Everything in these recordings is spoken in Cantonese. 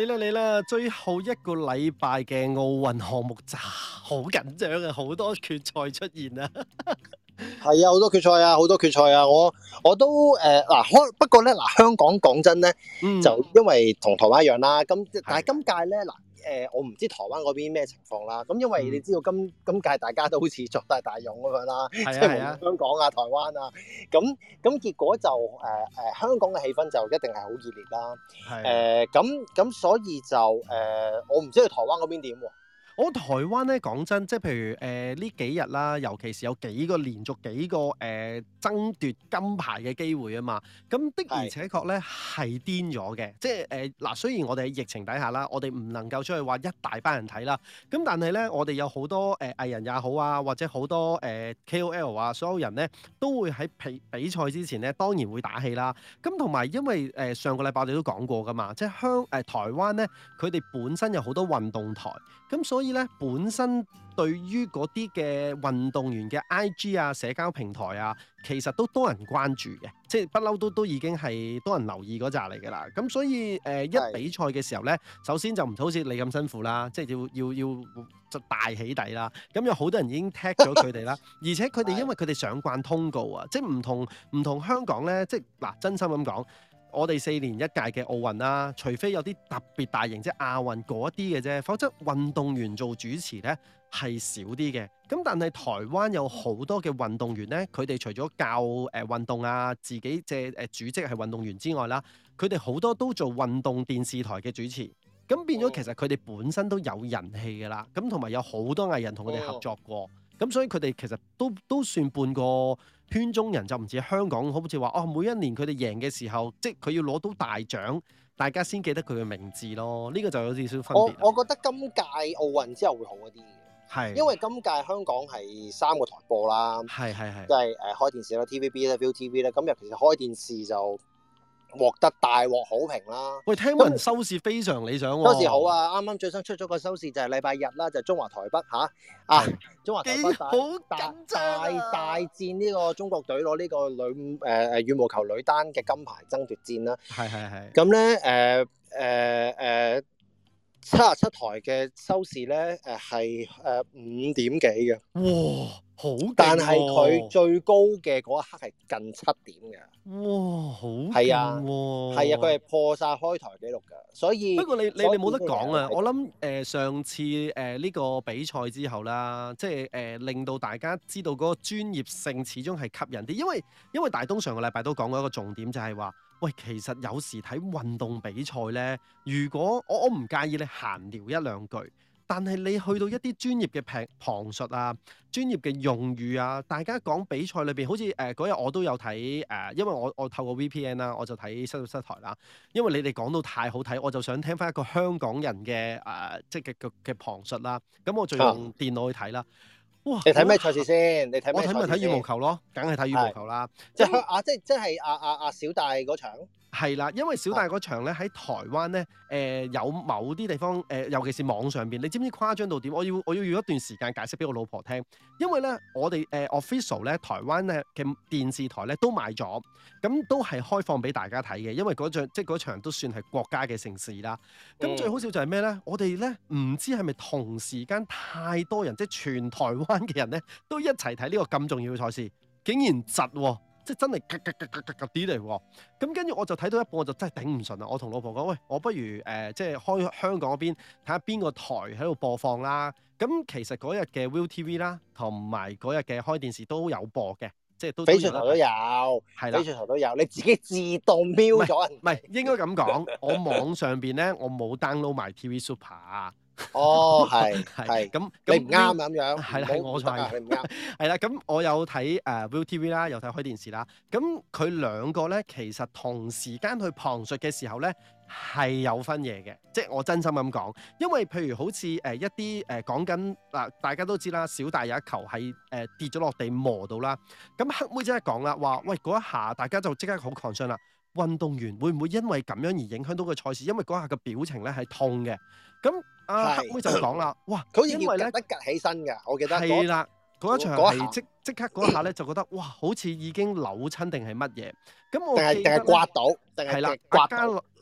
你啦你啦，最後一個禮拜嘅奧運項目咋？好緊張啊，好多， 多決賽出現啊。係啊，好多決賽啊，好多決賽啊，我我都誒嗱、呃，不過咧嗱，香港講真咧，嗯、就因為同台灣一樣啦，咁但係今屆咧嗱。誒、呃，我唔知台灣嗰邊咩情況啦。咁因為你知道今、嗯、今、今屆大家都好似作都大勇咁樣啦，即係無論香港啊、台灣啊，咁咁結果就誒誒、呃，香港嘅氣氛就一定係好熱烈啦。誒、啊，咁咁、呃、所以就誒、呃，我唔知道台灣嗰邊點喎、啊。我台灣咧講真，即係譬如誒呢、呃、幾日啦，尤其是有幾個連續幾個誒、呃、爭奪金牌嘅機會啊嘛，咁的而且確咧係癲咗嘅。即係誒嗱，雖然我哋喺疫情底下啦，我哋唔能夠出去話一大班人睇啦，咁但係咧我哋有好多誒、呃、藝人也好啊，或者好多誒、呃、K O L 啊，所有人咧都會喺比比賽之前咧當然會打氣啦。咁同埋因為誒、呃、上個禮拜我哋都講過㗎嘛，即係香誒台灣咧，佢哋本身有好多運動台。咁所以咧，本身對於嗰啲嘅運動員嘅 I G 啊、社交平台啊，其實都多人關注嘅，即係不嬲都都已經係多人留意嗰扎嚟嘅啦。咁所以誒、呃，一比賽嘅時候咧，首先就唔好似你咁辛苦啦，即係要要要就大起底啦。咁有好多人已經 tag 咗佢哋啦， 而且佢哋因為佢哋上慣通告啊，即係唔同唔 同香港咧，即係嗱，真心咁講。我哋四年一屆嘅奧運啦、啊，除非有啲特別大型，即亞運嗰啲嘅啫，否則運動員做主持呢係少啲嘅。咁但係台灣有好多嘅運動員呢，佢哋除咗教誒、呃、運動啊，自己即誒、呃、主席係運動員之外啦，佢哋好多都做運動電視台嘅主持。咁變咗其實佢哋本身都有人氣㗎啦。咁同埋有好多藝人同佢哋合作過。咁、哦、所以佢哋其實都都算半個。圈中人就唔似香港，好似話哦，每一年佢哋贏嘅時候，即係佢要攞到大獎，大家先記得佢嘅名字咯。呢、這個就有少少分別我。我覺得今屆奧運之後會好一啲嘅，係是因為今屆香港係三個台播啦，係係係，即係誒開電視啦、TVB 啦、ViuTV、嗯、啦，咁尤其是開電視就。獲得大獲好評啦！喂，聽聞收視非常理想喎、啊。收視好啊！啱啱最新出咗個收視就係禮拜日啦，就係、中華台北吓啊，的啊！中華台北大好緊張、啊、大大，大戰呢個中國隊攞呢個女誒誒羽毛球女單嘅金牌爭奪戰啦。係係係。咁咧誒誒誒七十七台嘅收視咧誒係誒五點幾嘅。哇！好，但係佢最高嘅嗰一刻係近七點嘅。哇，好勁喎！係啊，係啊，佢係破晒開台記錄嘅。所以不過你你你冇得講啊！所以我諗誒、呃、上次誒呢、呃呢個比賽之後啦，即係誒、呃、令到大家知道嗰個專業性始終係吸引啲，因為因為大東上個禮拜都講過一個重點就係話，喂，其實有時睇運動比賽咧，如果我我唔介意你閒聊一兩句。但係你去到一啲專業嘅旁述啊，專業嘅用語啊，大家講比賽裏邊，好似誒嗰日我都有睇誒、呃，因為我我透過 VPN 啦，我就睇失，失台啦。因為你哋講到太好睇，我就想聽翻一個香港人嘅誒即係嘅嘅旁述啦。咁我就用電腦去睇啦。哇！你睇咩賽事先？哇你睇咩？我睇咪睇羽毛球咯，梗係睇羽毛球啦。即係啊，即係即係啊啊啊！小戴嗰場係啦，因為小戴嗰場咧喺、啊、台灣咧，誒、呃、有某啲地方誒、呃，尤其是網上邊，你知唔知誇張到點？我要我要要一段時間解釋俾我老婆聽，因為咧我哋誒、呃、official 咧台灣咧嘅電視台咧都買咗，咁都係開放俾大家睇嘅，因為嗰場即係嗰場都算係國家嘅盛事啦。咁最好笑就係咩咧？嗯、我哋咧唔知係咪同時間太多人，即係全台班嘅人咧都一齊睇呢個咁重要嘅賽事，竟然窒喎、啊，即係真係格格格格格啲嚟喎。咁跟住我就睇到一半，我就真係頂唔順啦。我同老婆講：喂，我不如誒、呃，即係開香港嗰邊睇下邊個台喺度播放啦。咁其實嗰日嘅 ViuTV 啦，同埋嗰日嘅開電視都有播嘅。即係都翡翠台都有，係啦的，翡翠台都有，你自己自動標咗。唔係，應該咁講， 我網上邊咧，我冇 download 埋 TV Super。哦，係係，咁你唔啱咁樣，係啦的，係不我錯嘅，唔啱、啊。係啦、啊，咁 我有睇誒 Viu TV 啦，有睇開電視啦。咁佢兩個咧，其實同時間去旁述嘅時候咧。係有分嘢嘅，即係我真心咁講，因為譬如好似誒一啲誒講緊嗱，大家都知啦，小大有一球係誒跌咗落地磨到啦，咁黑妹即係講啦，話喂，嗰一下大家就即刻好 concern 啦，運動員會唔會因為咁樣而影響到個賽事？因為嗰下嘅表情咧係痛嘅，咁阿黑妹就講啦，哇，因為咧一夾起身嘅，我記得係啦，嗰一場即即刻嗰下咧就覺得哇，好似已經扭親定係乜嘢？咁我定係刮到，係啦，刮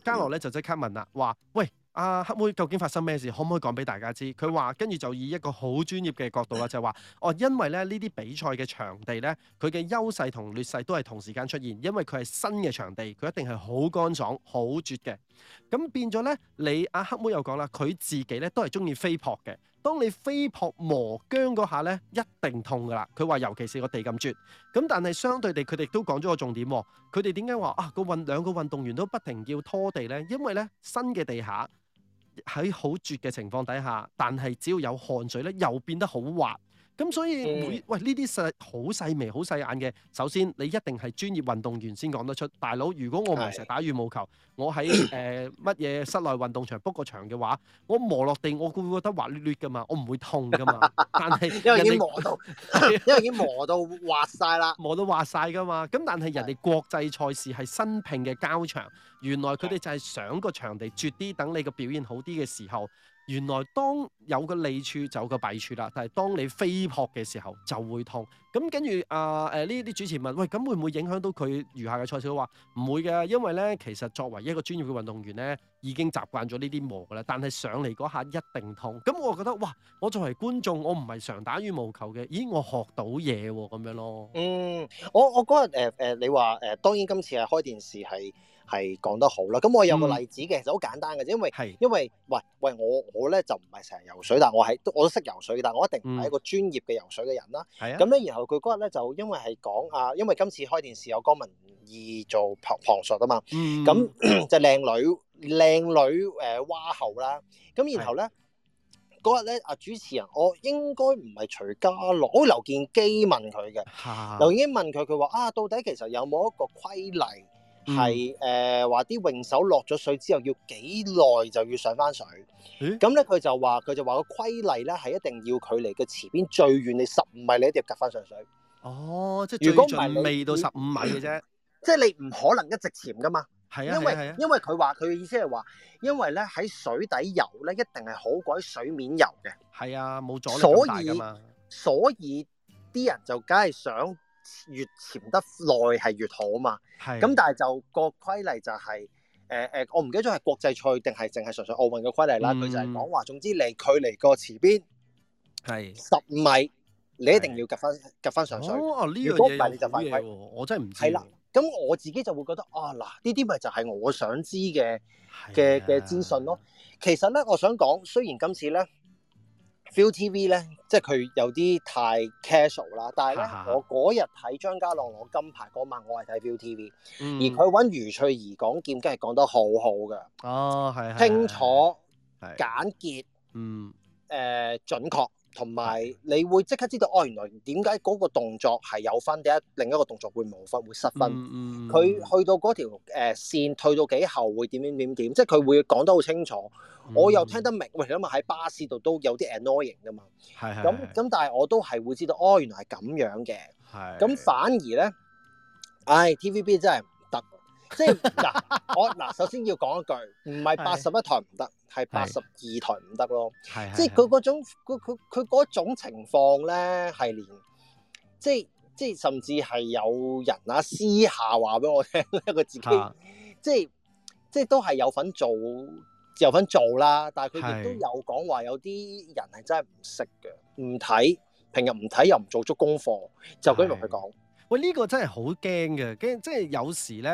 嘉樂咧就即刻問啦，話：喂，阿、啊、黑妹究竟發生咩事？可唔可以講俾大家知？佢話跟住就以一個好專業嘅角度啦，就係、是、話：哦，因為咧呢啲比賽嘅場地咧，佢嘅優勢同劣勢都係同時間出現，因為佢係新嘅場地，佢一定係好乾爽、好絕嘅。咁變咗咧，你阿、啊、黑妹又講啦，佢自己咧都係中意飛撲嘅。當你飛撲磨姜嗰下咧，一定痛㗎喇。佢話，尤其是個地咁絕。咁但係相對地，佢哋都講咗個重點。佢哋點解話啊個運兩個運動員都不停要拖地咧？因為咧新嘅地下喺好絕嘅情況底下，但係只要有汗水咧，又變得好滑。咁所以每、嗯、喂呢啲細好細微、好細眼嘅，首先你一定係專業運動員先講得出。大佬，如果我唔係成日打羽毛球，是我喺誒乜嘢室內運動場，book 個場嘅話，我磨落地，我會，會覺得滑溜溜噶嘛，我唔會痛噶嘛。但係 因為已經磨到， 因為已經磨到滑晒啦，磨到滑晒噶嘛。咁但係人哋國際賽事係新聘嘅膠場，原來佢哋就係想個場地絕啲，等你嘅表現好啲嘅時候。原來當有個利處就有個弊處啦，但係當你飛撲嘅時候就會痛。咁跟住啊誒呢啲主持問：喂，咁會唔會影響到佢餘下嘅賽事？我話唔會嘅，因為咧其實作為一個專業嘅運動員咧，已經習慣咗呢啲磨嘅啦。但係上嚟嗰下一定痛。咁、嗯、我就覺得哇，我作為觀眾，我唔係常打羽毛球嘅，咦，我學到嘢喎咁樣咯。嗯，我我嗰日誒誒你話誒、呃，當然今次係開電視係。係講得好啦，咁我有個例子嘅，其實好簡單嘅啫，因為是因為喂喂我我咧就唔係成日游水，但我係我都識游水，但係我一定唔係一個專業嘅游水嘅人啦。咁咧、嗯，然後佢嗰日咧就因為係講啊，因為今次開電視有江文義做旁旁述啊嘛。咁就靚、是、女靚女誒蛙喉啦。咁、呃、然後咧嗰日咧啊主持人，我應該唔係徐家樂，哦劉建基問佢嘅，劉建基問佢，佢話啊到底其實有冇一個規例？係誒話啲泳手落咗水之後要幾耐就要上翻水，咁咧佢就話佢就話個規例咧係一定要距離個池邊最遠你十五米，你一定要夾翻上水。哦，即係如果未到十五米嘅啫，即係你唔可能一直潛噶嘛。係啊，因為因為佢話佢嘅意思係話，因為咧喺水底遊咧一定係好鬼水面遊嘅。係啊，冇阻力所以，所以啲人就梗係想。越潛得耐係越好、well. 嘛、啊，咁、嗯、但係就個規例就係、是，誒、呃、誒，我唔記得咗係國際賽定係淨係純粹奧運嘅規例啦，佢就係講話，總之你佢離個池邊係十米，你一定要夾翻夾翻上水，daily, 喔、如果唔係你就犯規，我真係唔知。係啦、啊，咁我自己就會覺得啊，嗱呢啲咪就係我想知嘅嘅嘅資訊咯。其實咧，我想講，雖然今次咧。ViuTV 咧，即係佢有啲太 casual 啦。但係咧，我嗰日睇張家朗攞金牌嗰晚，我係睇 ViuTV，而佢揾余翠怡講劍，梗係講得好好嘅。哦，係係清楚、錯的簡潔、嗯誒、呃、準確。同埋你會即刻知道，哦，原來點解嗰個動作係有分，點解另一個動作會冇分，會失分。佢、嗯嗯、去到嗰條誒、呃、線，退到幾後會點點點點，即係佢會講得好清楚。嗯、我又聽得明。喂、哎，因為喺巴士度都有啲 annoying 㗎嘛。咁咁，但係我都係會知道，哦，原來係咁樣嘅。係的。咁反而呢，唉、哎、TVB 真係～即係嗱，我嗱，首先要講一句，唔係八十一台唔得，係八十二台唔得咯。係的即係佢嗰種，佢佢佢嗰種情況咧，係連即係即係，甚至係有人啊私下話俾我聽，一 個自己的即係即係都係有份做有份做啦，但係佢亦都有講話，有啲人係真係唔識嘅，唔睇平日唔睇又唔做足功課，就咁同佢講。的喂，呢個真係好驚嘅，驚即係有時咧，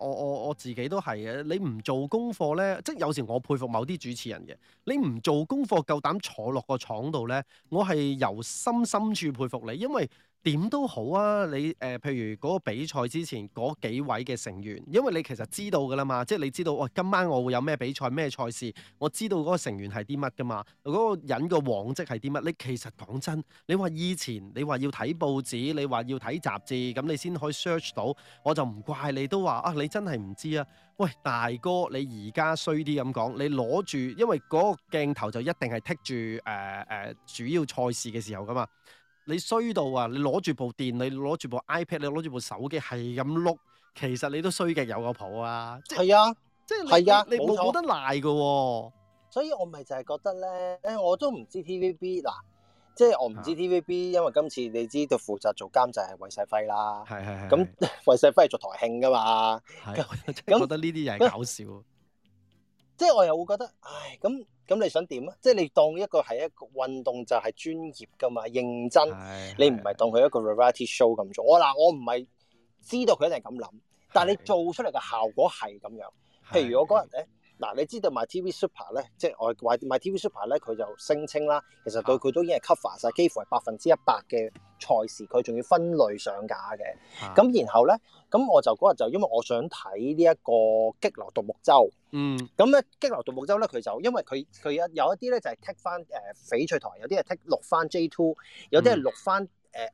我我我自己都係嘅。你唔做功課咧，即係有時我佩服某啲主持人嘅，你唔做功課夠膽坐落個廠度咧，我係由心深處佩服你，因為。點都好啊！你誒、呃，譬如嗰個比賽之前嗰幾位嘅成員，因為你其實知道㗎啦嘛，即係你知道，喂，今晚我會有咩比賽咩賽事，我知道嗰個成員係啲乜㗎嘛，嗰、嗰個人個往績係啲乜？你其實講真，你話以前你話要睇報紙，你話要睇雜誌，咁你先可以 search 到，我就唔怪你都話啊，你真係唔知啊！喂，大哥，你而家衰啲咁講，你攞住，因為嗰個鏡頭就一定係剔住誒誒主要賽事嘅時候㗎嘛。你衰到啊！你攞住部電，你攞住部 iPad，你攞住部手機，係咁碌，其實你都衰嘅，有個譜啊！即係啊，即係你，係啊，你冇得錯賴嘅喎、啊。所以我咪就係覺得咧，誒，我都唔知 TVB 嗱，即係我唔知 TVB，的因為今次你知道負責做監製係魏世輝啦，係係係，咁魏世輝係做台慶噶嘛，咁的那覺得呢啲嘢係搞笑，即係我又會覺得，唉，咁。咁你想點啊？即係你當一個係一個運動就係、是、專業㗎嘛，認真。 你唔係當佢一個 variety show 咁做。我嗱，我唔係知道佢一定係咁諗，但係你做出嚟嘅效果係咁樣。譬如我個人咧。 嗱、啊，你知道 My TV Super 咧，即係 My My TV Super 咧，佢就聲稱啦，其實對佢都已經係 cover 晒幾乎係百分之一百嘅賽事，佢仲要分類上架嘅。咁、啊、然後咧，咁我就嗰日就因為我想睇呢一個激流獨木舟。嗯。咁咧激流獨木舟咧，佢就因為佢佢有有一啲咧就係 take 翻誒翡翠台，有啲係 take 錄翻 J Two，有啲係錄翻誒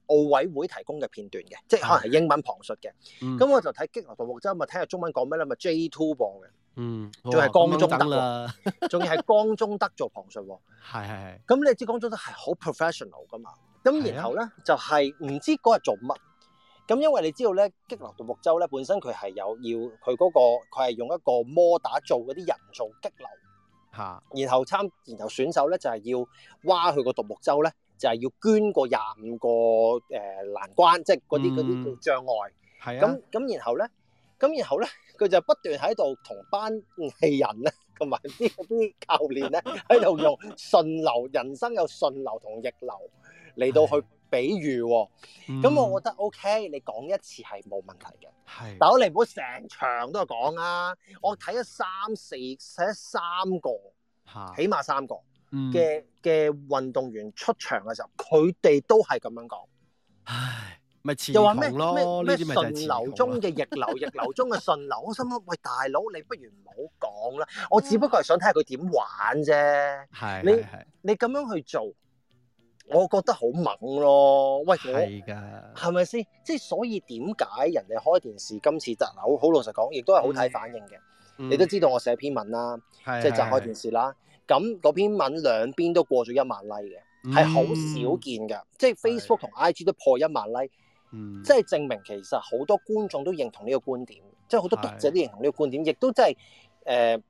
奧委會提供嘅片段嘅，即係可能係英文旁述嘅。咁、嗯嗯、我就睇激流獨木舟，咪聽下中文講咩啦，咪 J Two 播嘅。嗯，仲係江中德啦，仲 要係江忠德做旁述，係係係。咁你知江忠德係好 professional 噶嘛？咁然後咧、啊、就係唔知嗰日做乜？咁因為你知道咧激流獨木舟咧本身佢係有要佢嗰、嗰個佢係用一個摩打做嗰啲人造激流吓，啊、然後參然後選手咧就係、是、要挖佢個獨木舟咧就係、是、要捐過廿五個誒、呃、難關，即係嗰啲嗰啲障礙。係啊，咁咁然後咧，咁然後咧。佢就不斷喺度同班藝人咧，同埋啲啲教練咧，喺度用順流人生有順流同逆流嚟到去比喻、哦。咁、嗯、我覺得 OK，你講一次係冇問題嘅。係，但我哋唔好成場都係講啊！我睇咗三四睇咗三個，起碼三個嘅嘅運動員出場嘅時候，佢哋都係咁樣講。唉。又話咩咩順流中嘅逆流，逆流中嘅順流。我心諗喂，大佬你不如唔好講啦。我只不過係想睇下佢點玩啫。係，你你咁樣去做，我覺得好猛咯。喂，係噶，係咪先？即係所以點解人哋開電視今次特樓？好老實講，亦都係好睇反應嘅。你都知道我寫篇文啦，即係就開電視啦。咁嗰篇文兩邊都過咗一萬 like 嘅，係好少見噶。即係 Facebook 同 IG 都破一萬 like。嗯、即係證明其實好多觀眾都認同呢個觀點，即係好多讀者都認同呢個觀點，亦都即係誒，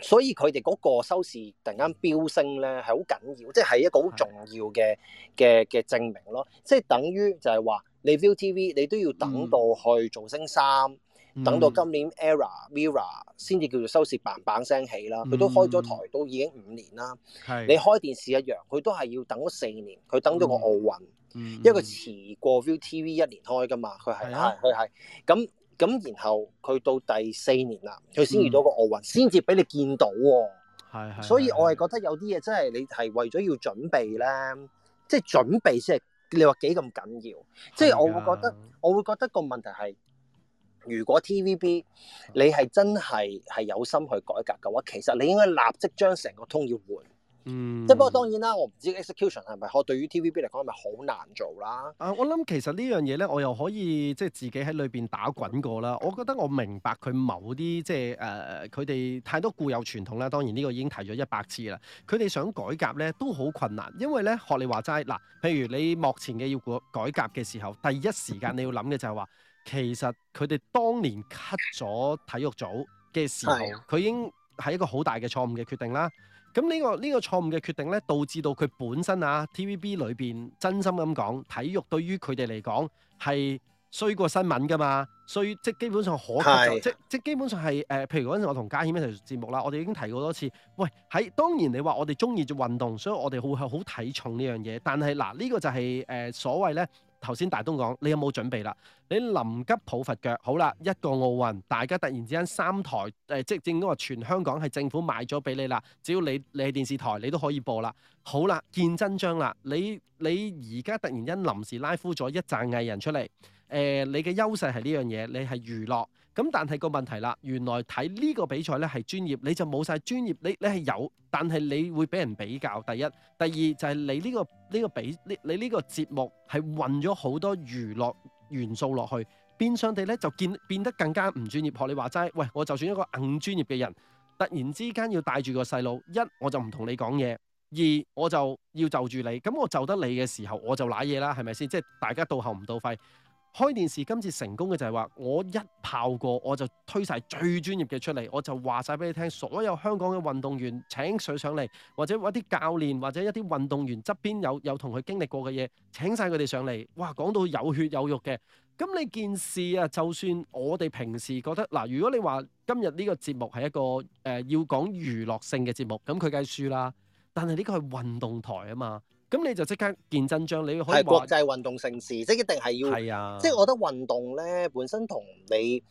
所以佢哋嗰個收視突然間飆升咧，係好緊要，即係一個好重要嘅嘅嘅證明咯。即係等於就係話你 ViuTV，你都要等到去造星三，嗯、等到今年 ERA MIRROR 先至叫做收視嘭嘭聲起啦。佢、嗯、都開咗台都已經五年啦，是你開電視一樣，佢都係要等咗四年，佢等咗個奧運。一個遲過 ViuTV 一年開㗎嘛，佢係佢係咁咁，啊、然後佢到第四年啦，佢先遇到個奧運，先至俾你見到喎、啊。所以我係覺得有啲嘢真係你係為咗要準備啦，即係準備先係你話幾咁緊要。啊、即係我會覺得，我會覺得個問題係，如果 TVB 你係真係係有心去改革嘅話，其實你應該立即將成個通要換。嗯，即不過當然啦，我唔知 execution 係咪，我對於 TVB 嚟講係咪好難做啦？啊，我諗其實呢樣嘢咧，我又可以即係自己喺裏邊打滾過啦。我覺得我明白佢某啲即係誒，呃，佢哋太多固有傳統啦。當然呢個已經提咗一百次啦。佢哋想改革咧都好困難，因為咧學你話齋嗱，譬如你目前嘅要改改革嘅時候， 第一時間你要諗嘅就係話，其實佢哋當年 cut 咗體育組嘅時候，佢已經係一個好大嘅錯誤嘅決定啦。咁呢、呢個呢、呢個錯誤嘅決定咧，導致到佢本身啊 TVB 裏邊真心咁講，體育對於佢哋嚟講係衰過新聞噶嘛，衰即基本上可及，是即即基本上係誒、呃，譬如嗰陣我同嘉謙一齊節目啦，我哋已經提過多次，喂喺當然你話我哋中意做運動，所以我哋會係好睇重呢樣嘢，但係嗱呢個就係、是、誒、呃、所謂咧。頭先大東講，你有冇準備啦？你臨急抱佛腳，好啦，一個奧運，大家突然之間三台誒即、呃、正都話全香港係政府買咗俾你啦，只要你你係電視台，你都可以播啦。好啦，見真章啦，你你而家突然間臨時拉夫咗一紮藝人出嚟，誒、呃，你嘅優勢係呢樣嘢，你係娛樂。咁但係個問題啦，原來睇呢個比賽咧係專業，你就冇晒專業，你你係有，但係你會俾人比較。第一，第二就係你呢個呢個比，你呢個節目係混咗好多娛樂元素落去，變相地咧就變得更加唔專業。學你話齋，喂，我就算一個硬專業嘅人，突然之間要帶住個細路，一我就唔同你講嘢，二我就要就住你，咁我就得你嘅時候我就賴嘢啦，係咪先？即係大家到後唔到肺。開電視今次成功嘅就係話，我一炮過我就推晒最專業嘅出嚟，我就話晒俾你聽。所有香港嘅運動員請水上嚟，或者一啲教練，或者一啲運動員側邊有有同佢經歷過嘅嘢，請晒佢哋上嚟。哇，講到有血有肉嘅。咁你件事啊，就算我哋平時覺得嗱、啊，如果你話今日呢個節目係一個誒、呃、要講娛樂性嘅節目，咁佢梗係輸啦。但係呢個係運動台啊嘛。咁你就即刻見真章，你要開話。係國際運動城市，即係一定係要。係是啊。即係我覺得運動咧，本身同你，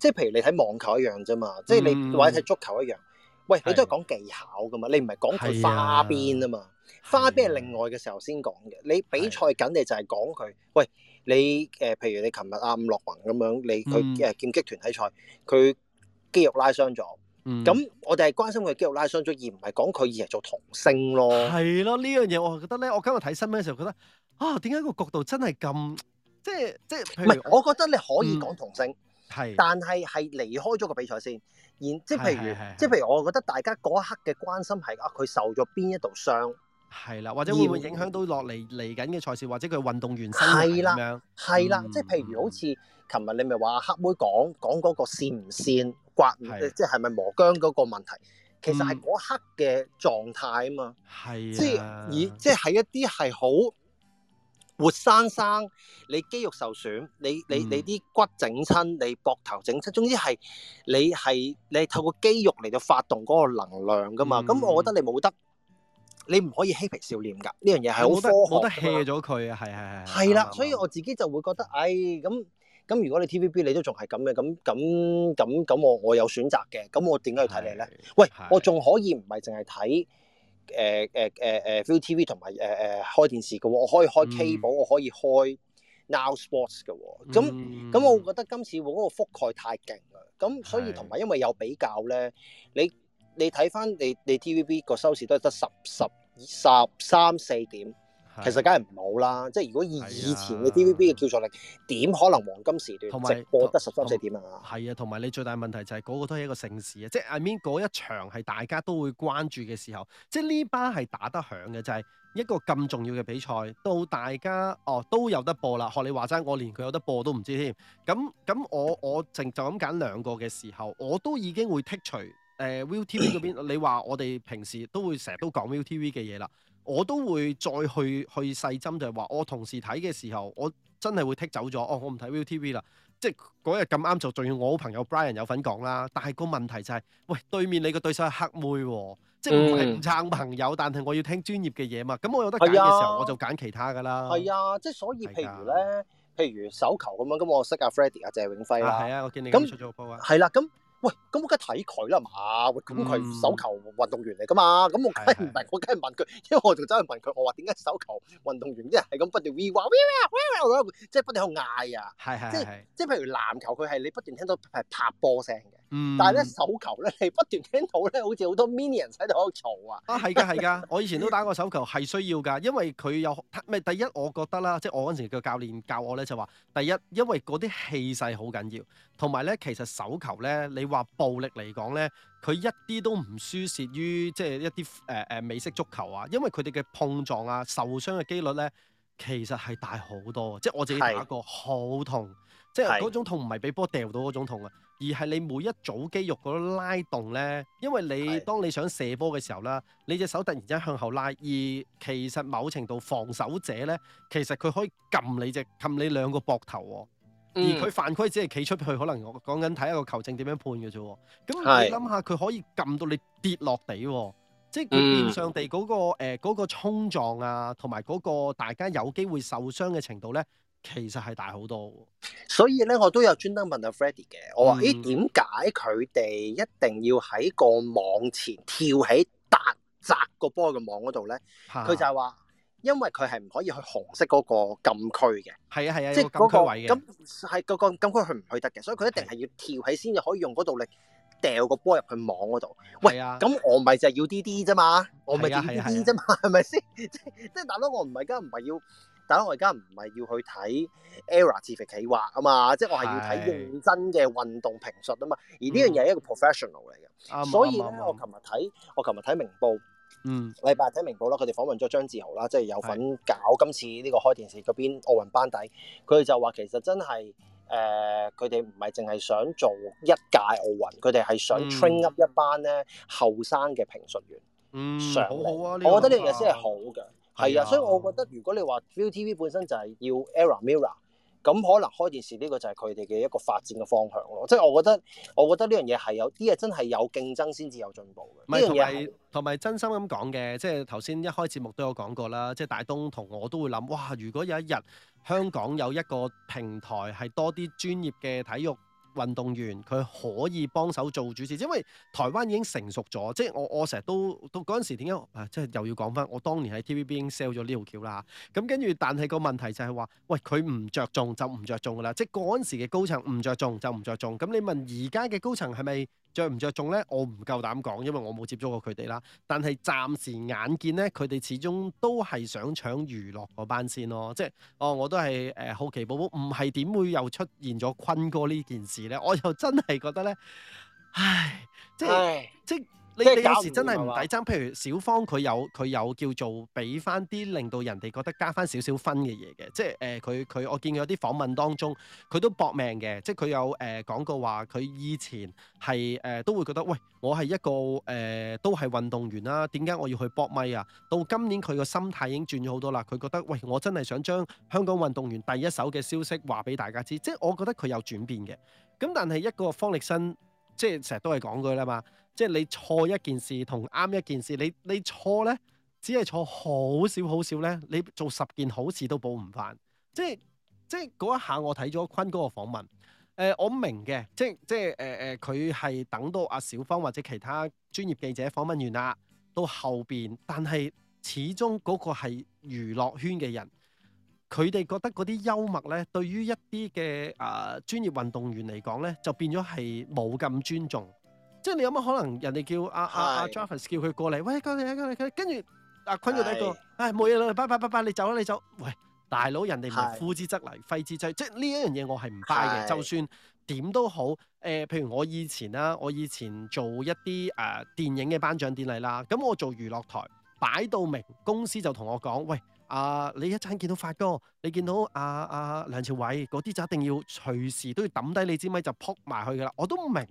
即係譬如你睇網球一樣啫嘛，嗯、即係你或者睇足球一樣。是啊、喂，你都係講技巧㗎嘛？你唔係講佢花邊啊嘛？是啊，花邊係另外嘅時候先講嘅。是啊、你比賽緊，你就係講佢。喂，你誒、呃、譬如你琴日阿吳諾弘咁樣，你佢誒劍擊團體賽，佢肌肉拉傷咗。咁、嗯、我哋係關心佢肌肉拉傷咗，而唔係講佢而係做同性咯。係咯，呢樣嘢我係覺得咧，我今日睇新聞嘅時候覺得啊，點解個角度真係咁即係即係，唔係？我覺得你可以講同性，係、嗯，但係係離開咗個比賽先，然即係譬如，即係譬如，我覺得大家嗰一刻嘅關心係啊，佢受咗邊一度傷，係啦，或者會唔會影響到落嚟嚟緊嘅賽事，或者佢運動員生涯點樣？係啦、嗯嗯，即係譬如好似琴日你咪話黑妹講講嗰個先唔先？刮唔即係，係咪磨僵嗰個問題？其實係嗰刻嘅狀態啊嘛，嗯、即係以即係喺一啲係好活生生，你肌肉受損，你你你啲骨整親，你膊頭整親，總之係你係你透過肌肉嚟到發動嗰個能量噶嘛。咁、嗯、我覺得你冇得，你唔可以嬉皮笑臉噶。呢樣嘢係好科學，冇得 hea 咗佢啊！係係係係啦，所以我自己就會覺得，唉、哎、咁。咁如果你 TVB 你都仲係咁嘅，咁咁咁咁我我有選擇嘅，咁我點解去睇你咧？是喂，我仲可以唔係淨係睇誒誒誒誒 ViuTV 同埋誒誒開電視嘅喎，我可以開 cable，、嗯、我可以開 Now Sports 嘅喎。咁咁、嗯、我覺得今次嗰個覆蓋太勁啦。咁所以同埋是因為有比較咧，你你睇翻你你 TVB 個收視都係得十十十三四點。其實梗係唔好啦，即係如果以，以前嘅 TVB 嘅叫座力點、啊、可能黃金時段直播得十三四點啊？係啊，同埋你最大問題就係、是、嗰、那個都係一個盛事啊！即係 I mean 嗰一場係大家都會關注嘅時候，即係呢班係打得響嘅，就係、是、一個咁重要嘅比賽，到大家哦都有得播啦。學你話齋，我連佢有得播都唔知添。咁咁我我淨就咁揀兩個嘅時候，我都已經會剔除誒、呃、ViuTV 嗰邊。 你話我哋平時都會成日都講 ViuTV 嘅嘢啦。我都會再去去細斟，就係話我同事睇嘅時候，我真係會剔走咗哦，我唔睇 ViuTV 啦。即係嗰日咁啱就仲要我好朋友 Brian 有份講啦。但係個問題就係、是，喂對面你個對手係黑妹喎、哦，即係唔撐朋友，但係我要聽專業嘅嘢嘛。咁我有得揀嘅時候，嗯、我就揀其他噶啦。係啊，即係所以譬如咧，啊、譬如手球咁樣，咁我識阿 Freddy 啊，謝永輝啦。係啊，啊，我見你咁。係啦，咁、啊。喂，咁我梗睇佢啦，係嘛？咁佢手球運動員嚟噶嘛，咁我梗唔明，嗯、我梗係問佢，因為我仲走去問佢，我話點解手球運動員啲人係咁不斷 We 話 We We 即係不斷喺度嗌啊，係，係係，即係譬如籃球佢係你不斷聽到係拍波聲嘅。嗯，但係咧手球咧，係不斷聽到咧，好似好多 Minion 喺度喺度嘈啊。啊，係噶係噶，我以前都打過手球，係需要噶，因為佢有咩，第一，我覺得啦，即係我嗰陣時個教練教我咧就話、是，第一，因為嗰啲氣勢好緊要，同埋咧，其實手球咧，你話暴力嚟講咧，佢一啲都唔輸蝕於即係一啲誒誒美式足球啊，因為佢哋嘅碰撞啊，受傷嘅幾率咧，其實係大好多。即係我自己打過，好是痛，即係嗰種痛唔係俾波掉到嗰種痛啊。而係你每一組肌肉嗰啲拉動咧，因為你是當你想射波嘅時候啦，你隻手突然之間向後拉，而其實某程度防守者咧，其實佢可以撳你隻撳你兩個膊頭喎、哦。嗯、而佢犯規只係企出去，可能我講緊睇一個球證點樣判嘅啫喎。咁、嗯、你諗下，佢可以撳到你跌落地喎、哦，即係面上地嗰、嗰個誒嗰個衝撞啊，同埋嗰個大家有機會受傷嘅程度咧。其實係大好多，所以咧我都有專登問到 Freddy 嘅。我話誒，點解佢哋一定要喺個網前跳起達砸個波嘅網嗰度咧？佢、啊、就係話，因為佢係唔可以去紅色嗰個禁區嘅，係啊係啊，即係禁區位咁，係嗰個禁區佢唔去得嘅，所以佢一定係要跳起先至可以用嗰度力掉個波入去網嗰度。啊、喂，咁我咪就係要啲啲啫嘛，我咪要啲啲啫嘛，係咪先？啊啊啊啊、 即即係大佬我唔係，而家唔係要。但我而家唔係要去睇 ERA 自肥企劃啊嘛，即係我係要睇認真嘅運動評述啊嘛。而呢樣嘢係一個 professional 嚟嘅，嗯、所以咧我琴日睇，我琴日睇明報，嗯，禮拜睇明報啦，佢哋訪問咗張志豪啦，即係有份搞今次呢個開電視嗰邊奧運班底，佢哋就話其實真係誒，佢哋唔係淨係想做一屆奧運，佢哋係想 train up 一班咧後生嘅評述員，嗯，領好好啊，這個、我覺得呢樣嘢先係好嘅。係啊，所以我覺得如果你話 ViuTV 本身就係要 ERROR、MIRROR，咁可能開電視呢個就係佢哋嘅一個發展嘅方向咯。即係我覺得，我覺得呢樣嘢係有啲嘢真係有競爭先至有進步嘅。唔係同埋真心咁講嘅，即係頭先一開節目都有講過啦。即係大東同我都會諗，哇！如果有一日香港有一個平台係多啲專業嘅體育。運動員佢可以幫手做主持，因為台灣已經成熟咗，即係我我成日都都嗰陣時點解啊？即係又要講返，我當年喺 TVB 已經 sell 咗呢條橋啦。咁跟住，但係個問題就係話，喂，佢唔着重就唔着重㗎啦，即係嗰陣時嘅高層唔着重就唔着重。咁你問而家嘅高層係咪？着唔着重咧，我唔夠膽講，因為我冇接觸過佢哋啦。但係暫時眼見咧，佢哋始終都係想搶娛樂嗰班先咯。即係，哦，我都係誒、呃、好奇寶寶，唔係點會又出現咗坤哥呢件事咧？我又真係覺得咧，唉，即係、哎、即。你有時真係唔抵爭，譬如小方佢有佢有叫做俾翻啲令到人哋覺得加翻少少分嘅嘢嘅，即係誒佢佢我見有啲訪問當中，佢都搏命嘅，即係佢有誒、呃、講過話，佢以前係誒、呃、都會覺得，喂，我係一個誒、呃、都係運動員啦、啊，點解我要去搏咪啊？到今年佢個心態已經轉咗好多啦，佢覺得，喂，我真係想將香港運動員第一手嘅消息話俾大家知，即係我覺得佢有轉變嘅。咁但係一個方力申。即係成日都係講句啦嘛，即係你錯一件事同啱一件事，你你錯咧，只係錯好少好少咧，你做十件好事都補唔翻。即係即係嗰一下我睇咗坤哥個訪問，誒、呃、我明嘅，即係即係誒誒佢係等到阿小芳或者其他專業記者訪問完啦，到後邊，但係始終嗰個係娛樂圈嘅人。佢哋覺得嗰啲幽默咧，對於一啲嘅啊專業運動員嚟講咧，就變咗係冇咁尊重。即係你有乜可能人哋叫阿阿阿 d a 叫佢過嚟，喂，過嚟過嚟，跟住阿坤就第一個，唉冇嘢啦，拜拜拜拜，你走啦你走。喂大佬，人哋唔係呼之則嚟揮之則，即係呢一樣嘢我係唔 buy 嘅。是的 就算點都好，誒譬如我以前啦，我以前做一啲誒電影嘅頒獎典禮啦，咁我做娛樂台擺到明，公司就同我講，喂。喂啊！你一陣見到發哥，你見到阿阿、啊啊、梁朝偉嗰啲就一定要隨時都要揼低你支咪，就撲埋去噶啦！我都唔明。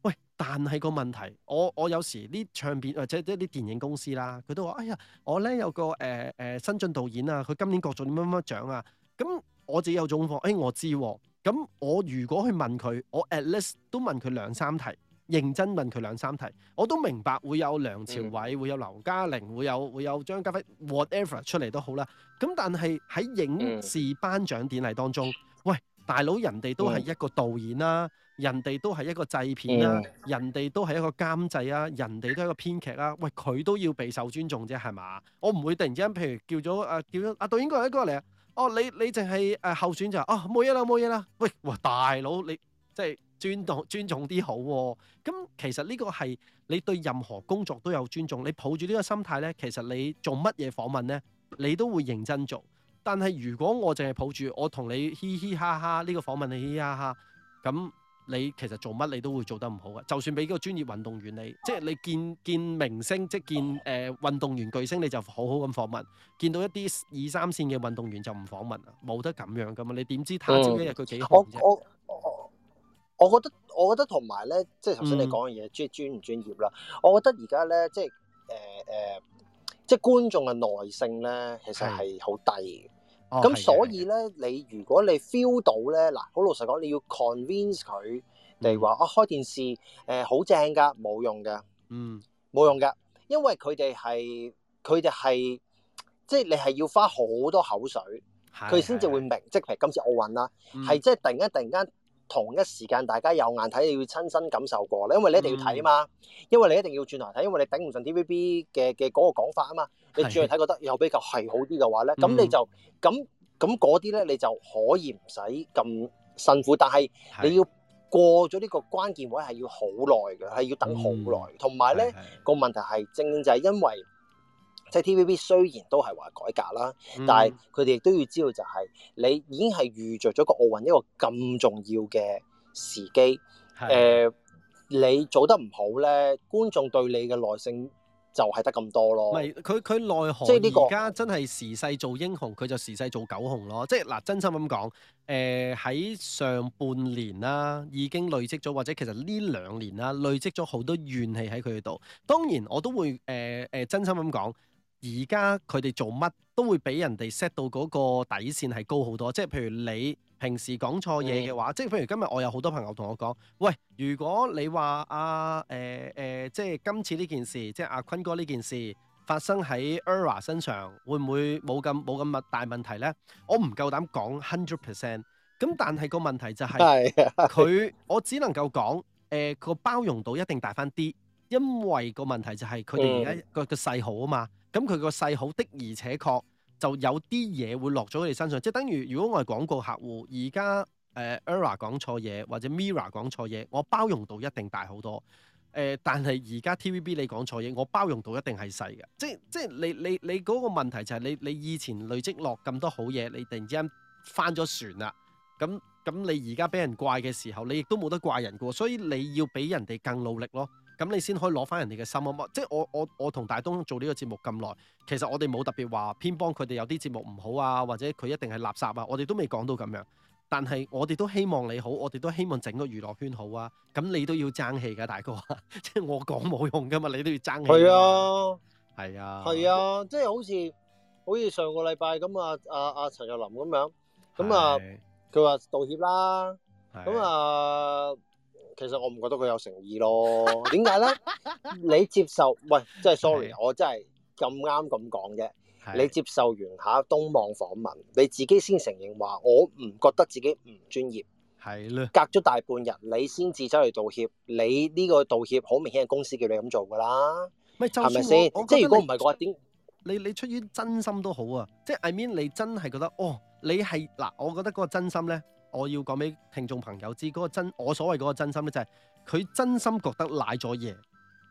喂，但係個問題，我我有時啲唱片或者一啲電影公司啦，佢都話：哎呀，我咧有個誒誒、呃呃、新晉導演啊，佢今年角逐乜乜獎啊。咁我自己有狀況，誒、哎、我知、啊。咁我如果去問佢，我 at least 都問佢兩三題。認真問佢兩三題，我都明白會有梁朝偉，會有劉嘉玲，會有會有張家輝，whatever 出嚟都好啦。咁但係喺影視頒獎典禮當中，喂大佬，人哋都係一個導演啦，人哋都係一個製片啦，人哋都係一個監製啊，人哋都係一個編劇啦，喂佢都要備受尊重啫，係嘛？我唔會突然之間，譬如叫咗誒，叫咗啊導演哥嚟，哥嚟啊，哦你你淨係誒候選就哦，冇嘢啦冇嘢啦，喂哇大佬你即係。尊重尊重啲好喎、啊，咁其實呢個係你對任何工作都有尊重。你抱住呢個心態呢，其實你做乜嘢訪問呢？你都會認真做。但係如果我淨係抱住我同你嘻嘻哈哈呢個訪問，你嘻嘻哈哈，咁、這個、你其實做乜你都會做得唔好嘅。就算俾個專業運動員你，即係你見見明星，即係見誒、呃、運動員巨星，你就好好咁訪問。見到一啲二三線嘅運動員就唔訪問，冇得咁樣㗎嘛。你點知他朝一日佢幾紅啫？嗯我覺得我覺得同埋咧，即係頭先你講嘅嘢，即係專唔專業啦。我覺得而家咧，即係誒誒，即係、呃、觀眾嘅耐性咧，其實係好低嘅。咁的所以咧，的你如果你 feel 到咧，嗱，好老實講，你要 convince 佢嚟話我、嗯、開電視誒好正㗎，冇用㗎，嗯，冇用㗎，因為佢哋係佢哋係，即係你係要花好多口水，佢先至會明。即係譬如今次奧運啦，係、嗯、即係突，突然間突然間。同一時間，大家有眼睇，你要親身感受過咧，因為你一定要睇啊嘛，因為你一定要轉頭睇，因為你頂唔順 TVB 嘅嘅嗰個講法啊嘛，你轉去睇覺得又比較係好啲嘅話咧，咁你就咁咁嗰啲咧，你就可以唔使咁辛苦，但係你要過咗呢個關鍵位係要好耐嘅，係要等好耐，同埋咧個問題係正正就係因為。即係 TVB 雖然都係話改革啦，嗯、但係佢哋亦都要知道就係你已經係預著咗個奧運一個咁重要嘅時機，誒的、呃，你做得唔好咧，觀眾對你嘅耐性就係得咁多咯。唔係佢佢奈何？即係而家真係時勢做英雄，佢就,、這個、就時勢做狗熊咯。即係嗱，真心咁講，誒、呃、喺上半年啦、啊，已經累積咗，或者其實呢兩年啦、啊，累積咗好多怨氣喺佢度。當然我都會誒誒、呃，真心咁講。而家佢哋做乜都會畀人哋 set 到嗰個底線係高好多，即係譬如你平時講錯嘢嘅話，mm hmm. 即係譬如今日我有好多朋友同我講，喂，如果你話啊，誒、呃、誒、呃，即係今次呢件事，即係阿坤哥呢件事發生喺 Era 身上，會唔會冇咁冇咁乜大問題咧？我唔夠膽講 hundred percent，咁但係個問題就係、是、佢、mm hmm.，我只能夠講誒個包容度一定大翻啲，因為個問題就係佢哋而家個個勢好啊嘛。Mm hmm. 咁佢個勢好的，而且確就有啲嘢會落咗你身上，即係等於如果我係廣告客戶，而家誒 Era 講錯嘢或者 Mira 講錯嘢，我包容度一定大好多。誒、呃，但係而家 TVB 你講錯嘢，我包容度一定係細嘅。即係即係你你你嗰個問題就係你你以前累積落咁多好嘢，你突然之間翻咗船啦。咁咁你而家俾人怪嘅時候，你亦都冇得怪人噶，所以你要比人哋更努力咯。咁你先可以攞翻人哋嘅心啊嘛！即係我我我同大東做呢個節目咁耐，其實我哋冇特別話偏幫佢哋有啲節目唔好啊，或者佢一定係垃圾啊，我哋都未講到咁樣。但係我哋都希望你好，我哋都希望整個娛樂圈好啊。咁你都要爭氣噶，大哥，即係我講冇用噶嘛，你都要爭氣。係啊，係啊，係啊，啊，啊，即係好似好似上個禮拜咁啊阿啊陳若林咁樣，咁啊佢話、啊啊啊的啊、道歉啦，咁的啊。其實我唔覺得佢有誠意咯，點解咧？你接受喂，即係 sorry，我真係咁啱咁講啫。的你接受完下東網訪問，你自己先承認話我唔覺得自己唔專業，係咯的？隔咗大半日，你先至走嚟道歉，你呢個道歉好明顯係公司叫你咁做噶啦，唔係，係咪先？即係如果唔係我點？你你出於真心都好啊，即係 I mean，你真係覺得哦，你係嗱，我覺得嗰個真心咧。我要講俾聽眾朋友知，嗰、那個真我所謂嗰個真心咧、就是，就係佢真心覺得賴咗嘢，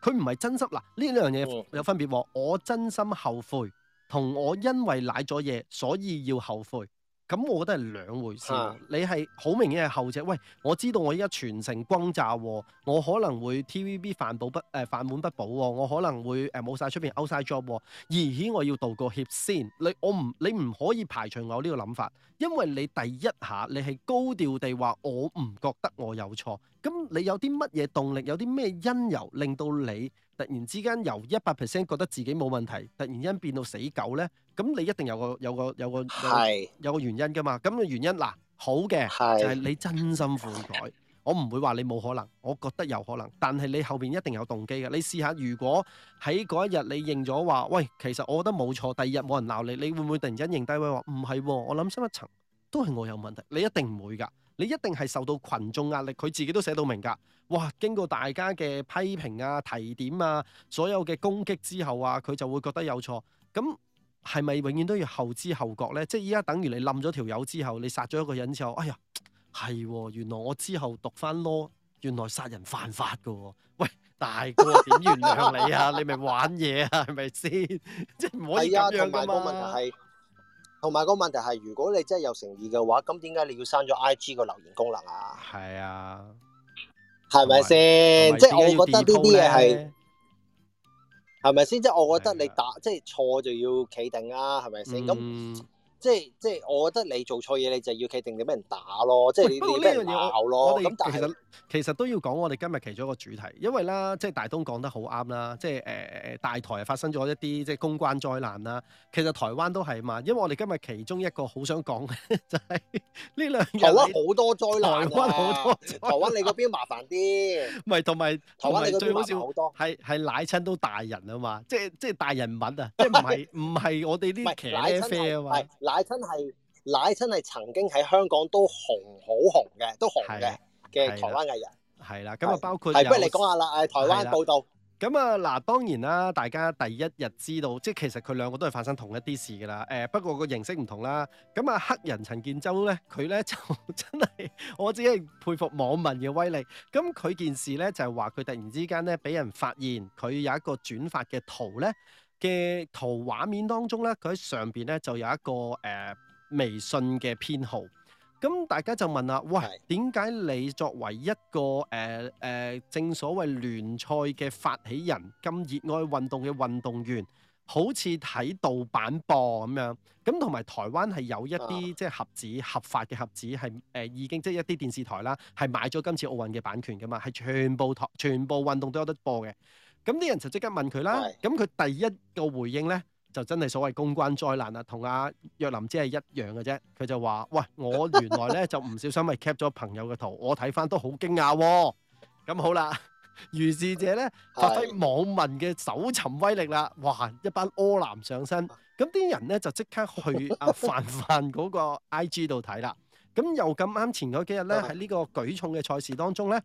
佢唔係真心，嗱呢兩樣嘢有分別喎。哦、我真心後悔，同我因為賴咗嘢所以要後悔。咁我覺得係兩回事，啊、你係好明顯係後者。喂，我知道我而家全城轟炸，我可能會 TVB 飯碗不、誒、飯碗不保，我可能會冇晒出面 out 曬 job，而起我要道個歉先。你我唔你唔可以排除我呢個諗法。因為你第一下你係高調地話，我唔覺得我有錯。咁你有啲乜嘢動力，有啲咩因由令到你突然之間由一百 percent 覺得自己冇問題，突然間變到死狗咧？咁你一定有個有個有個有個原因噶嘛？咁個原因嗱，好嘅就係你真心悔改，我唔會話你冇可能，我覺得有可能，但係你後邊一定有動機嘅。你試下如果喺嗰一日你認咗話，喂，其實我覺得冇錯，第二日冇人鬧你，你會唔會突然間認低位話唔係？我諗深一層都係我有問題，你一定唔會㗎。你一定係受到群眾壓力，佢自己都寫到明噶。哇！經過大家嘅批評啊、提點啊、所有嘅攻擊之後啊，佢就會覺得有錯。咁係咪永遠都要後知後覺咧？即係依家等於你冧咗條友之後，你殺咗一個人之後，哎呀，係、哦，原來我之後讀翻咯，原來殺人犯法噶。喂，大哥，點原諒你啊？ 你咪玩嘢啊？係咪先？ 即係唔可以咁樣噶嘛？同埋個問題係，如果你真係有誠意嘅話，咁點解你要刪咗 IG 個留言功能啊？係啊，係咪先？即係我覺得呢啲嘢係，係咪先？即係我覺得你打的即係錯就要企定啊，係咪先？咁、嗯。即係即係，我覺得你做錯嘢，你就要決定你俾人打咯。即係，不過呢樣嘢我我哋其實其實都要講我哋今日其中一個主題，因為啦，即係大東講得好啱啦。即係誒大台發生咗一啲即係公關災難啦。其實台灣都係嘛，因為我哋今日其中一個好想講就係呢兩台好多災難，台灣好多，台灣你嗰邊麻煩啲，唔係同埋台灣你最好笑好多係係奶親都大人啊嘛！即係即係大人物啊！即係唔係唔係我哋啲茄喱啡啊嘛！乃親係，乃親係曾經喺香港都紅好紅嘅，都紅嘅嘅的台灣藝人。係啦，咁啊包括係不如你講下啦，誒台灣報道。咁啊嗱，當然啦，大家第一日知道，即係其實佢兩個都係發生同一啲事噶啦。誒，不過個形式唔同啦。咁啊，黑人陳建州咧，佢咧就真係，我自己係佩服網民嘅威力。咁佢件事咧就係話佢突然之間咧俾人發現，佢有一個轉發嘅圖咧。嘅圖畫面當中咧，佢喺上邊咧就有一個誒、呃、微信嘅編號。咁大家就問啦：「喂，點解的你作為一個誒誒、呃呃、正所謂聯賽嘅發起人，咁熱愛運動嘅運動員，好似睇盜版播咁樣？咁同埋台灣係有一啲即係盒子合法嘅盒子，係誒、呃、已經即係、就是、一啲電視台啦，係買咗今次奧運嘅版權噶嘛，係全部台全部運動都有得播嘅。咁啲人就即刻問佢啦，咁佢的第一個回應咧就真係所謂公關災難啦，同阿、啊、若林姐係一樣嘅啫。佢就話：喂，我原來咧就唔小心咪 cap 咗朋友嘅圖，我睇翻都好驚訝、哦。咁好啦，如是者咧發揮網民嘅搜尋威力啦，哇，一班柯南上身。咁啲人咧就即刻去阿范范嗰個 IG 度睇啦。咁又咁啱前嗰幾日咧喺呢個舉重嘅賽事當中咧。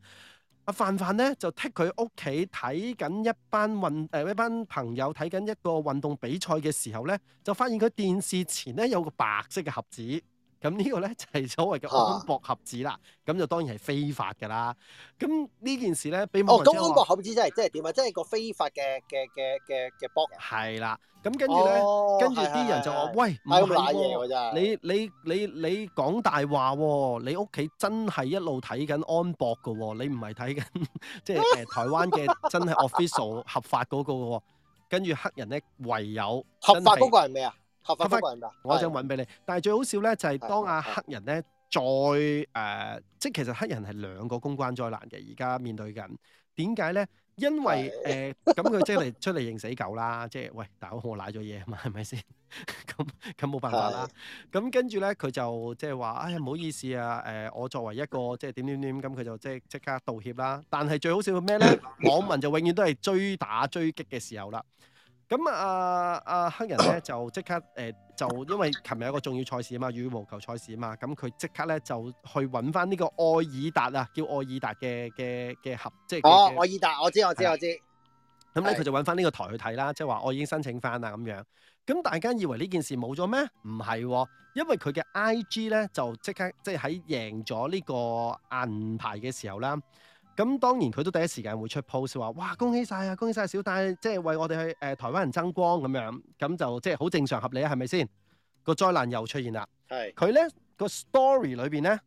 阿范范咧就剔佢屋企睇緊一班運誒、呃、一班朋友睇緊一個運動比賽嘅時候咧，就發現佢電視前咧有個白色嘅盒子。咁呢個咧就係所謂嘅安博盒子啦，咁就當然係非法嘅啦。咁呢件事咧，俾我安安博盒子真係即係點啊？即係個非法嘅嘅嘅嘅嘅 box，係啦，咁跟住咧，跟住啲人就話：喂，唔係嘢喎真係。你你你你講大話喎！你屋企真係一路睇緊安博嘅喎，你唔係睇緊即係誒台灣嘅真係 official 合法嗰個喎。跟住黑人咧，唯有合法嗰個係咩啊？是是我想揾俾你。的但係最好笑咧，就係當阿黑人咧，再誒的、呃，即係其實黑人係兩個公關災難嘅，而家面對緊。點解咧？因為誒，咁佢的、呃、即係出嚟認死狗啦， 即係喂，大佬我賴咗嘢啊嘛，係咪先？咁咁冇辦法啦。咁跟住咧，佢就即係話：哎呀，唔好意思啊，誒、呃，我作為一個即係點點點，咁佢就即就即刻道歉啦。但係最好笑嘅咩咧？ 網民就永遠都係追打追擊嘅時候啦。咁啊阿黑人咧就即刻誒，就、呃、就因為琴日有個重要賽事啊嘛，羽毛球賽事啊嘛，咁佢即刻咧就去揾翻呢個愛爾達啊，叫愛爾達嘅嘅嘅合即係哦，愛爾達，我知我知我知。咁咧佢就揾翻呢個台去睇啦，即係話我已經申請翻啦咁樣。咁大家以為呢件事冇咗咩？唔係喎，因為佢嘅 I G 咧就即刻即係喺贏咗呢個銀牌嘅時候啦。咁當然佢都第一時間會出 post 話，哇，恭喜晒啊，恭喜晒、啊、小戴，即係為我哋去誒、呃、台灣人爭光咁樣，咁就即係好正常合理啊，係咪先？個災難又出現啦，係佢咧個 story 裏邊咧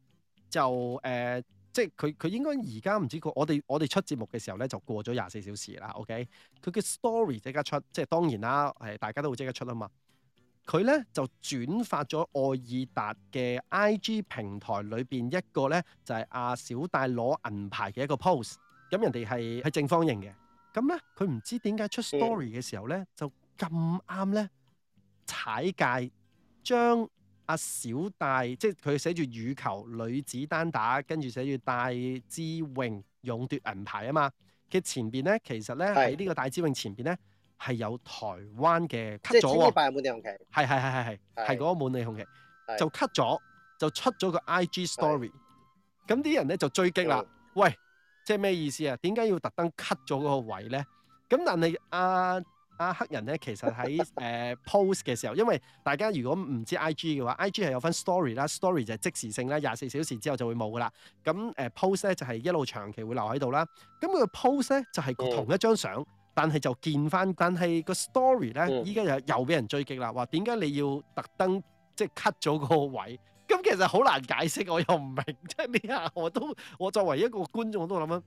就誒、呃，即係佢佢應該而家唔知過，我哋我哋出節目嘅時候咧就過咗廿四小時啦，OK，佢嘅 story 即刻出，即係當然啦，誒大家都會即刻出啊嘛。佢咧就轉發咗愛爾達嘅 IG 平台裏邊一個咧就係、是、阿、啊、小戴攞銀牌嘅一個 post，咁人哋係係正方形嘅，咁咧佢唔知點解出 story 嘅時候咧就咁啱咧踩界將阿、啊、小戴，即係佢寫住羽球女子單打，跟住寫住戴資穎勇奪銀牌啊嘛，嘅前邊咧其實咧喺呢個戴資穎前邊咧。係有台灣嘅 cut 咗喎，即係滿地紅旗，係係係係係係嗰個滿地紅旗，是就 cut 咗，就出咗個 I G story 是。咁啲人咧就追擊啦，嗯、喂，即係咩意思意、嗯、啊？點解要特登 cut 咗嗰個位咧？咁但係阿阿黑人咧，其實喺誒、呃、post 嘅時候， 因為大家如果唔知 I G 嘅話，I G 係有分 story 啦，story 就係即時性啦，廿四小時之後就會冇噶啦。咁誒、呃、post 咧就係、是、一路長期會留喺度啦。咁佢個 post 咧就係、是、同一張相。嗯但係就見翻，但係個 story 咧，依家、哦、又又俾人追擊啦！話點解你要特登即係 cut 咗個位？咁其實好難解釋，我又唔明，即係咩啊？我都我作為一個觀眾，我都諗啊，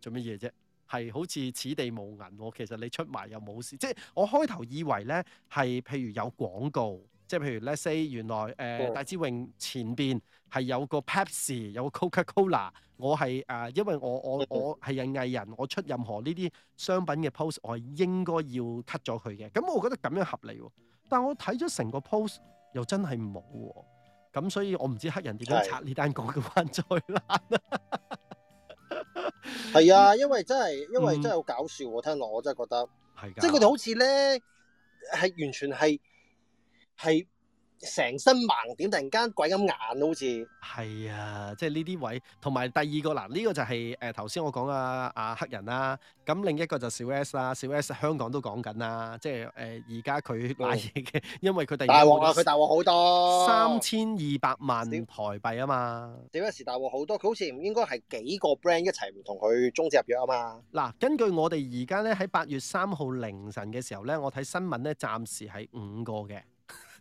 做乜嘢啫？係好似此地無銀喎，其實你出埋又冇事，即係我開頭以為咧係譬如有廣告。即係譬如 let's say 原來誒戴、呃嗯、資穎前邊係有個 Pepsi 有個 Coca-Cola，我係誒、呃、因為我我我係人藝人，我出任何呢啲商品嘅 post，我係應該要 cut 咗佢嘅。咁我覺得咁樣合理喎，但係我睇咗成個 post 又真係冇喎，咁所以我唔知黑人點樣拆呢單廣告翻再啦。係啊，因為真係因為真係好搞笑喎，我聽落我真係覺得係嘅，的即係佢哋好似咧係完全係。係成身盲點，突然間鬼咁硬，好似係啊！即係呢啲位，同埋第二個嗱，呢、這個就係誒頭先我講阿阿黑人啦、啊，咁另一個就小 S 啦，小 S 香港都講緊啦，即係誒而家佢買嘢嘅，嗯、因為佢第、啊、大鑊佢大鑊好多，三千二百萬台幣啊嘛，小 S 大鑊好多，佢好似唔應該係幾個 brand 一齊唔同佢終止合約啊嘛。嗱、啊，根據我哋而家咧喺八月三號凌晨嘅時候咧，我睇新聞咧，暫時係五個嘅。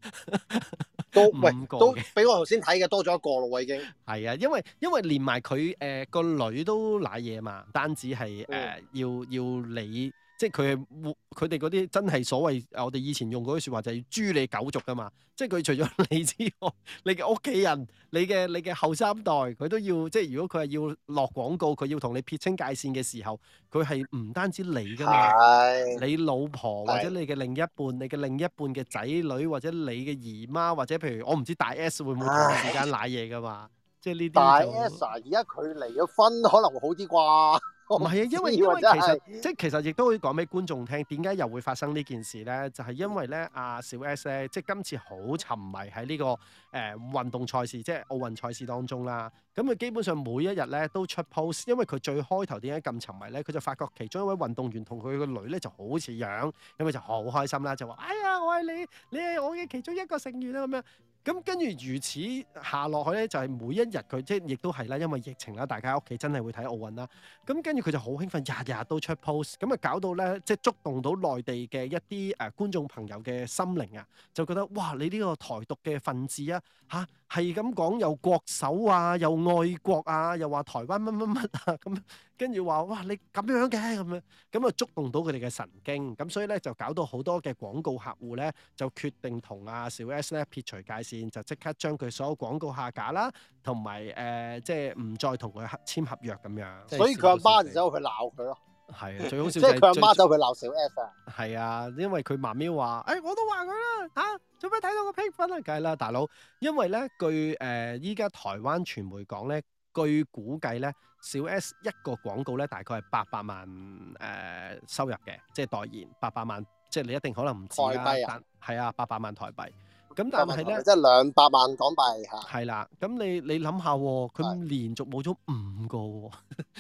都唔，喂，都比我頭先睇嘅多咗一個咯，我已經係啊，因為因為連埋佢誒個女都瀨嘢嘛，單止係誒、嗯呃、要要你。即係佢係冇佢哋嗰啲真係所謂我哋以前用嗰句説話就係要誅你九族㗎嘛，即係佢除咗你之外，你嘅屋企人、你嘅你嘅後三代，佢都要即係如果佢係要落廣告，佢要同你撇清界線嘅時候，佢係唔單止你㗎嘛，是你老婆或者你嘅另一半、是你嘅另一半嘅仔女或者你嘅姨媽或者譬如我唔知大 S 會唔會同時間瀨嘢㗎嘛，即係呢啲大 S 而家佢離咗婚可能會好啲啩。唔係、oh, 啊，因為、啊、因為其實是即係其實亦都可以講俾觀眾聽，點解又會發生呢件事咧？就係、是、因為咧，阿、啊、小 S 咧，即係今次好沉迷喺呢、這個誒、呃、運動賽事，即係奧運賽事當中啦。咁佢基本上每一日咧都出 post，因為佢最開頭點解咁沉迷咧？佢就發覺其中一位運動員同佢個女咧就好似樣，咁佢就好開心啦，就話：哎呀，我係你，你係我嘅其中一個成員啦、啊、咁樣。咁跟住如此下落去咧，就係、是、每一日佢即係亦都係啦，因為疫情啦，大家喺屋企真係會睇奧運啦。咁跟住佢就好興奮，日日都出 post，咁啊搞到咧即係觸動到內地嘅一啲誒、呃、觀眾朋友嘅心靈啊，就覺得哇！你呢個台獨嘅分子啊，嚇、啊！係咁講又國手啊，又愛國啊，又話台灣乜乜乜啊咁，跟住話哇你咁樣嘅咁樣，咁啊觸動到佢哋嘅神經，咁所以咧就搞到好多嘅廣告客戶咧就決定同阿小 S 咧撇除界線，就即刻將佢所有廣告下架啦，同埋誒即係唔再同佢合簽合約咁樣。所以佢阿媽就走去鬧佢咯。係啊，最好笑即係佢阿媽就佢鬧小 S 啊。係啊，因為佢媽咪話，誒、欸，我都話佢啦，吓做咩睇到個評分啊？梗係啦，大佬，因為咧據誒依家台灣傳媒講咧，據估計咧，小 S 一個廣告咧大概係八百萬誒、呃、收入嘅，即係代言八百萬，即係你一定可能唔止啦。台幣啊，係啊，八百萬台幣。咁但係咧，即係兩百萬港幣嚇。係啦，咁你你諗下喎，佢連續冇咗五個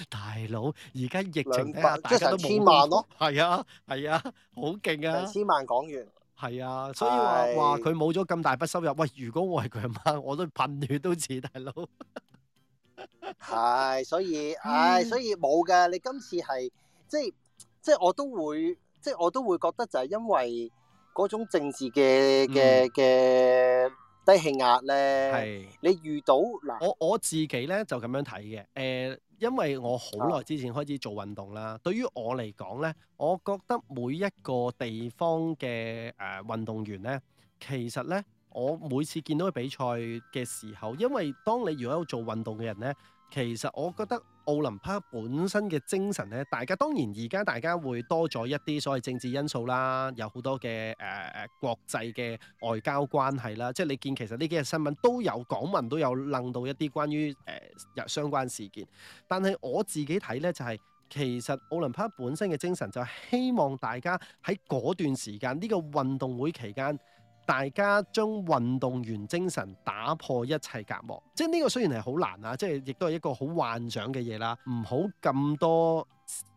大佬，而家疫情睇下，大家都冇。兩百千萬咯。係啊，係啊，好勁啊！千萬港元。係啊，所以話話佢冇咗咁大筆收入，喂，如果我係佢阿媽，我都噴血都似大佬。係，所以唉，所以冇㗎。你今次係即係即係我都會即係我都會覺得就係因為。嗰種政治嘅嘅嘅低氣壓咧，係是你遇到嗱，我我自己咧就咁樣睇嘅。誒、呃，因為我好耐之前開始做運動啦，啊、對於我嚟講咧，我覺得每一個地方嘅誒運動員咧，其實咧，我每次見到佢比賽嘅時候，因為當你如果做運動嘅人咧。其實我覺得奧林匹克本身嘅精神咧，大家當然而家大家會多咗一啲所謂政治因素啦，有好多嘅誒誒國際嘅外交關係啦，即係你見其實呢幾日新聞都有港聞，都有諷到一啲關於誒日、呃、相關事件，但係我自己睇咧就係、是、其實奧林匹克本身嘅精神就希望大家喺嗰段時間呢、呢個運動會期間。大家將運動員精神打破一切隔膜，即係呢、這個雖然係好難啦，即係亦都係一個好幻想嘅嘢啦。唔好咁多誒、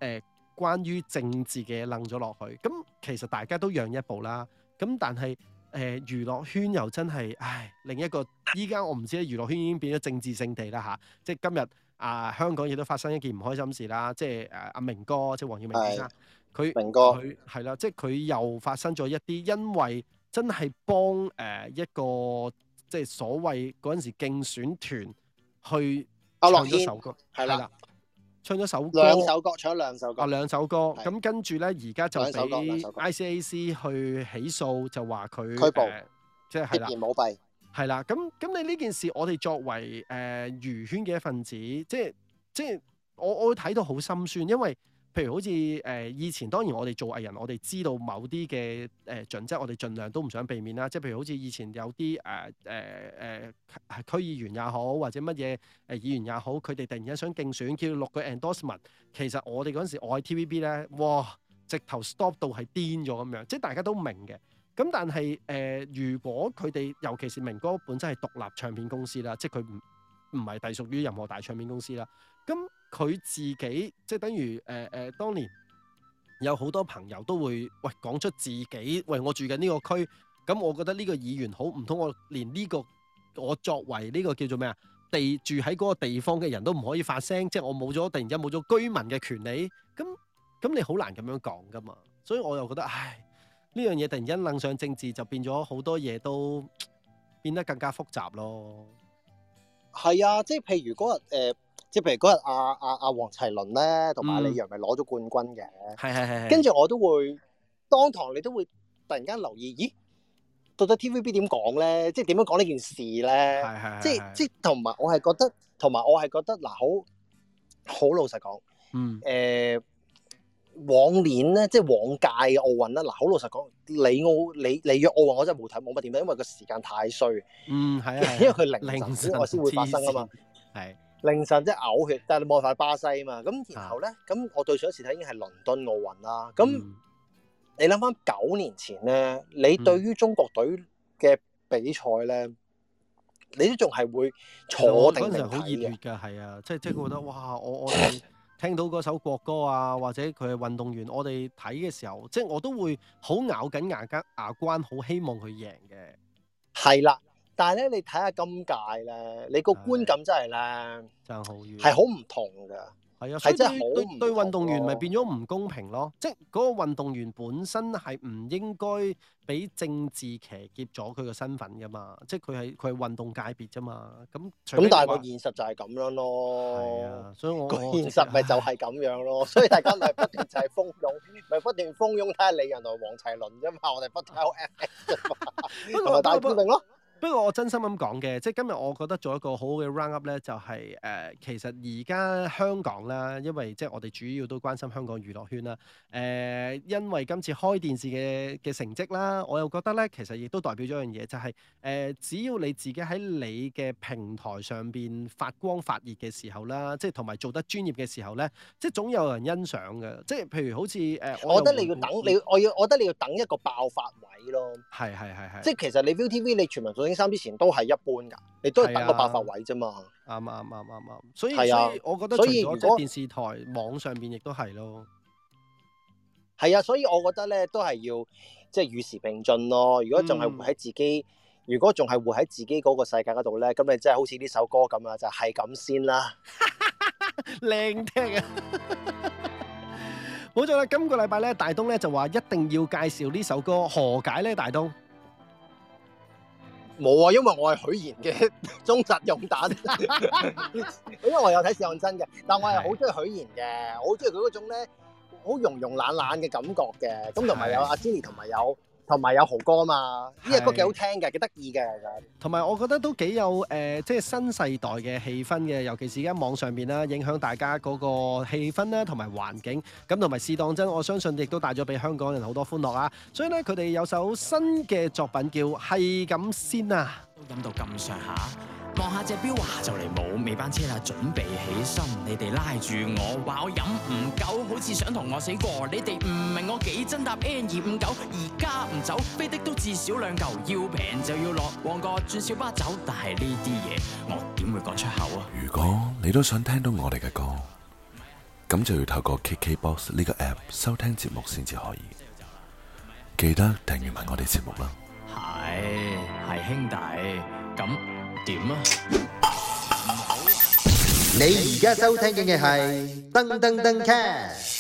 呃，關於政治嘅楞咗落去。咁其實大家都讓一步啦。咁但係誒，娛、呃、樂圈又真係唉，另一個依家我唔知咧，娛樂圈已經變咗政治聖地啦吓，即係今日啊、呃，香港亦都發生一件唔開心事啦。即係誒，阿明哥即係黃耀明先生，佢明哥，佢係啦，即係佢又發生咗一啲因為。真係幫誒、呃、一個即係所謂嗰陣時競選團去唱咗首歌，係啦、啊，唱咗首歌兩首歌，唱咗兩首歌。啊、哦、兩首歌，咁的跟住咧，而家就俾 ICAC 去起訴，就話佢拘捕、即係必然舞弊。係啦，咁咁你呢件事，我哋作為誒娛、呃、圈嘅一份子，即係即係我我會睇到好心酸，因為。譬如好似誒、呃、以前當然我哋做藝人，我哋知道某啲嘅誒準則，我哋儘量都唔想避免啦。即係譬如好似以前有啲誒誒誒區議員也好，或者乜嘢誒議員也好，佢哋突然間想競選，叫佢錄個 endorsement，其實我哋嗰陣時我喺 TVB 咧，哇，直頭 stop 到係癲咗咁樣，即係大家都明嘅。咁但係誒、呃，如果佢哋尤其是明哥本身係獨立唱片公司啦，即係佢唔。唔係隸屬於任何大唱片公司啦，咁佢自己即係等於誒誒，當年有好多朋友都會喂講出自己，喂，我住緊呢個區，咁我覺得呢個議員好，唔通我連呢個我作為呢個叫做咩啊地住喺嗰個地方嘅人都唔可以發聲，即係我冇咗突然之間冇咗居民嘅權利，咁咁你好難咁樣講噶嘛，所以我又覺得唉呢樣嘢突然之間掹上政治就變咗好多嘢都變得更加複雜咯。係啊，即係譬如嗰日，誒、呃，即係譬如嗰日阿阿阿王齊麟咧，同埋、啊、李洋咪攞咗冠軍嘅，係係係，跟住我都會當堂，你都會突然間留意，咦，到底 TVB 點講咧？即係點樣講呢件事咧？係係，即係即係，同埋我係覺得，同埋我係覺得，嗱、啊，好好老實講，嗯，誒、呃。往年咧，即係往屆奧運啦。嗱，好老實講，里奧、里里約奧運我真係冇睇，冇乜點睇，因為個時間太衰。嗯，係啊，啊因為佢凌晨先會發生啊嘛。係凌晨即係嘔血，但係你望曬巴西啊嘛。咁然後咧，咁、啊、我對上一次睇已經係倫敦奧運啦。咁、嗯、你諗翻九年前咧，你對於中國隊嘅比賽咧，嗯、你都仲係會坐定定好熱血㗎，係啊，即係即係覺得哇，我我。我 聽到嗰首國歌啊，或者佢係運動員，我哋睇嘅時候，即係我都會好咬緊牙關，牙關好希望佢贏嘅，係啦。但係咧，你睇下今屆咧，你個觀感真係咧，爭好遠，係好唔同㗎。係啊，所以對是是對，對運動員咪變咗唔公平咯，即係嗰個運動員本身係唔應該俾政治騎劫咗佢個身份㗎嘛，即係佢係佢係運動界別啫嘛，咁咁但係個現實就係咁樣咯。係啊，所以我，我現實咪就係咁樣咯， 所以大家咪不斷就係蜂擁，咪不斷蜂擁睇下李洋同王齊麟啫嘛，我哋不偷嘅嘛，同埋 不大決定咯。不過我真心咁講嘅，即係今日我覺得做一個好好嘅 roundup 咧，就係、是、誒、呃、其實而家香港啦，因為即係我哋主要都關心香港娛樂圈啦。誒、呃，因為今次開電視嘅嘅成績啦，我又覺得咧，其實亦都代表咗樣嘢，就係、是、誒、呃，只要你自己喺你嘅平台上邊發光發熱嘅時候啦，即係同埋做得專業嘅時候咧，即係總有人欣賞嘅。即係譬如好似誒，呃、我覺得你要等你要等，我要我覺得你要等一個爆發位咯。係係係係。即係其實你 ViuTV 你全民先生之前都係一般噶，你都係等個八百位啫嘛。啱啱啱啱啱，所以所以我覺得，所以如果喺電視台網上邊亦都係咯，係啊，所以我覺得咧都係要即係與時並進咯。如果仲係活喺自己，如果仲係活喺自己嗰個世界嗰度咧，咁你即係好似呢首歌咁啊，就係咁先啦，靚聽啊！好在啦，今個禮拜咧，大東咧就話一定要介紹呢首歌，何解咧，大東？冇啊，因為我係許賢嘅忠實擁躉，因為我有睇試當真嘅。但我係好鍾意許賢嘅，好鍾意佢嗰種呢好融融懶懶嘅感覺嘅，咁同埋有阿 Jenny 同埋有。同埋有，有豪哥嘛，呢隻歌幾好聽嘅，幾得意嘅。同埋我覺得都幾有誒、呃，即係新世代嘅氣氛嘅，尤其是而家網上面啦，影響大家嗰個氣氛啦，同埋環境。咁同埋試當真，我相信亦都帶咗俾香港人好多歡樂啊！所以咧，佢哋有首新嘅作品叫係咁先啊。飲到咁上下，望下隻表話就嚟，冇尾班車啦，準備起身。你哋拉住我，話我飲唔夠，好似想同我死過。你哋唔明我幾真搭 N 二五九，而家唔走，飛的都至少兩舊，要平就要落旺角轉小巴走，但係呢啲嘢我點會講出口啊？如果你都想聽到我哋嘅歌，咁就要透過 KKBOX 呢個 app 收聽節目先至可以，記得訂閱埋我哋節目啦。係係兄弟，咁點啊？你而家收聽嘅係噔噔噔 c a